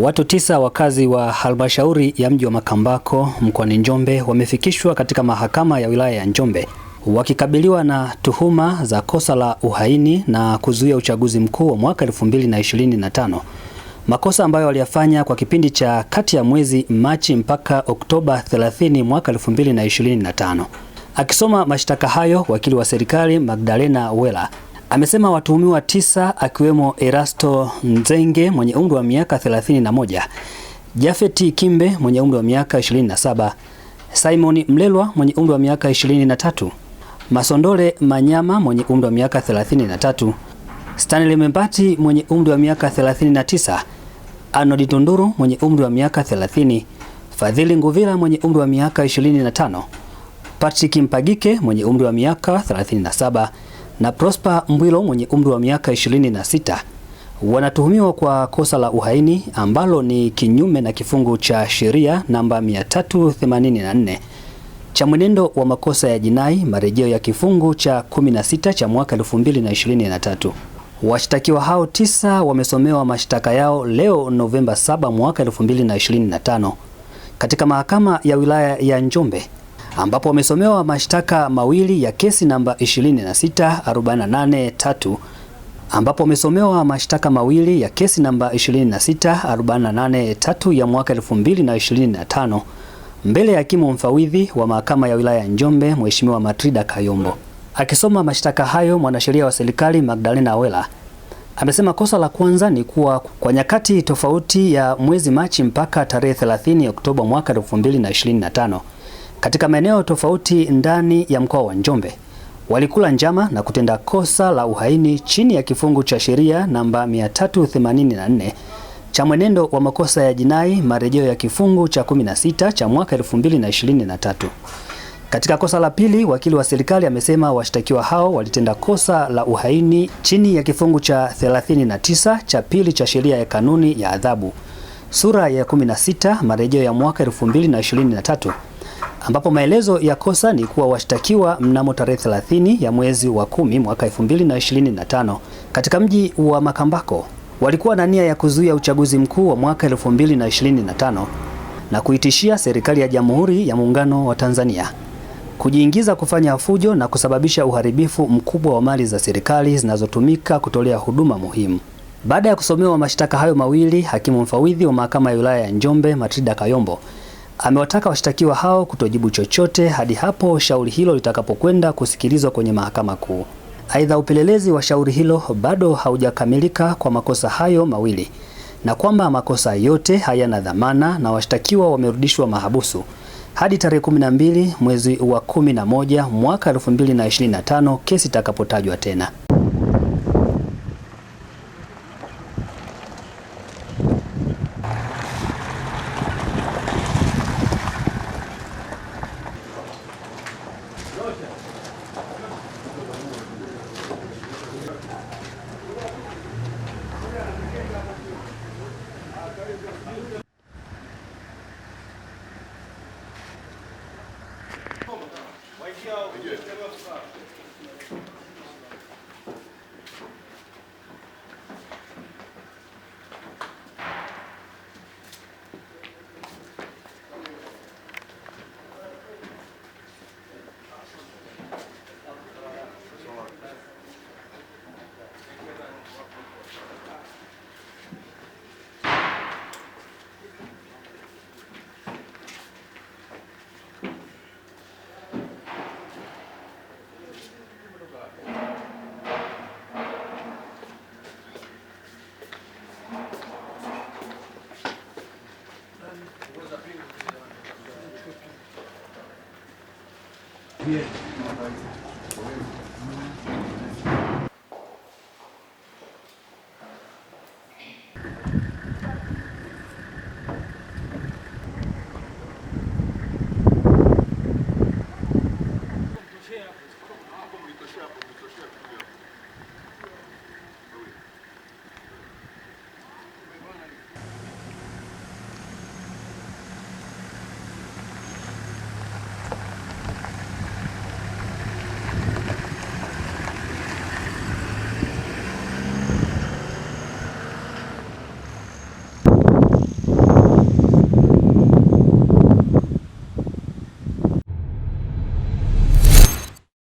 Watu tisa wakazi wa halmashauri ya mji wa Makambako mkoani Njombe wamefikishwa katika mahakama ya wilaya ya Njombe wakikabiliwa na tuhuma za kosa la uhaini na kuzuia uchaguzi mkuu wa mwaka 2025, makosa ambayo waliyafanya kwa kipindi cha kati ya mwezi Machi mpaka Oktoba 30 mwaka 2025. Akisoma mashtaka hayo, wakili wa serikali Magdalena Wela Amesema watuhumiwa tisa akiwemo Erasto Nzenge mwenye umri wa miaka 31, Jafeti Kimbe mwenye umri wa miaka 27, Simon Mlelwa mwenye umri wa miaka 23, Masondole Manyama mwenye umri wa miaka 33, Stanley Membati mwenye umri wa miaka 39, Arnold Tunduru mwenye umri wa miaka 30, Fadhili Nguvila mwenye umri wa miaka 25, Patrick Mpagike mwenye umri wa miaka 37 na Prosper Mbwilo mwenye umri wa miaka 26 wanatuhumiwa kwa kosa la uhaini ambalo ni kinyume na kifungu cha sheria namba 384 cha mwenendo wa makosa ya jinai marejeo ya kifungu cha 16 cha mwaka 2023. Washtakiwa hao tisa wamesomewa mashtaka yao leo Novemba 7 mwaka 2025 katika mahakama ya wilaya ya Njombe ambapo wamesomewa mashtaka mawili ya kesi namba 26483 ambapo wamesomewa mashtaka mawili ya kesi namba 26483 ya mwaka 2025 mbele ya hakimu mfawidhi wa mahakama ya wilaya Njombe Mheshimiwa Matrida Kayombo. Akisoma mashtaka hayo, mwanasheria wa serikali Magdalena Wela amesema kosa la kwanza ni kuwa kwa nyakati tofauti ya mwezi Machi mpaka tarehe 30 Oktoba mwaka 2025 katika maeneo tofauti ndani ya mkoa wa Njombe walikula njama na kutenda kosa la uhaini chini ya kifungu cha sheria namba 384 cha mwenendo wa makosa ya jinai marejeo ya kifungu cha 16 cha mwaka 2023. Katika kosa la pili, wakili wa serikali amesema washtakiwa hao walitenda kosa la uhaini chini ya kifungu cha 39 cha pili cha sheria ya kanuni ya adhabu sura ya 16 marejeo ya mwaka 2023 ambapo maelezo ya kosa ni kuwa washtakiwa mnamo tarehe 30 ya mwezi wa kumi mwaka 2025 katika mji wa Makambako walikuwa na nia ya kuzuia uchaguzi mkuu wa mwaka 2025 na kuitishia serikali ya Jamhuri ya Muungano wa Tanzania kujiingiza kufanya fujo na kusababisha uharibifu mkubwa wa mali za serikali zinazotumika kutolea huduma muhimu. Baada ya kusomewa mashtaka hayo mawili, hakimu mfawidhi wa mahakama ya wilaya ya Njombe matrida Kayombo amewataka washtakiwa hao kutojibu chochote hadi hapo shauri hilo litakapokwenda kusikilizwa kwenye mahakama kuu. Aidha, upelelezi wa shauri hilo bado haujakamilika kwa makosa hayo mawili na kwamba makosa yote hayana dhamana na washtakiwa wamerudishwa mahabusu hadi tarehe 12 mwezi wa 11 mwaka 2025 kesi itakapotajwa tena. Yeah.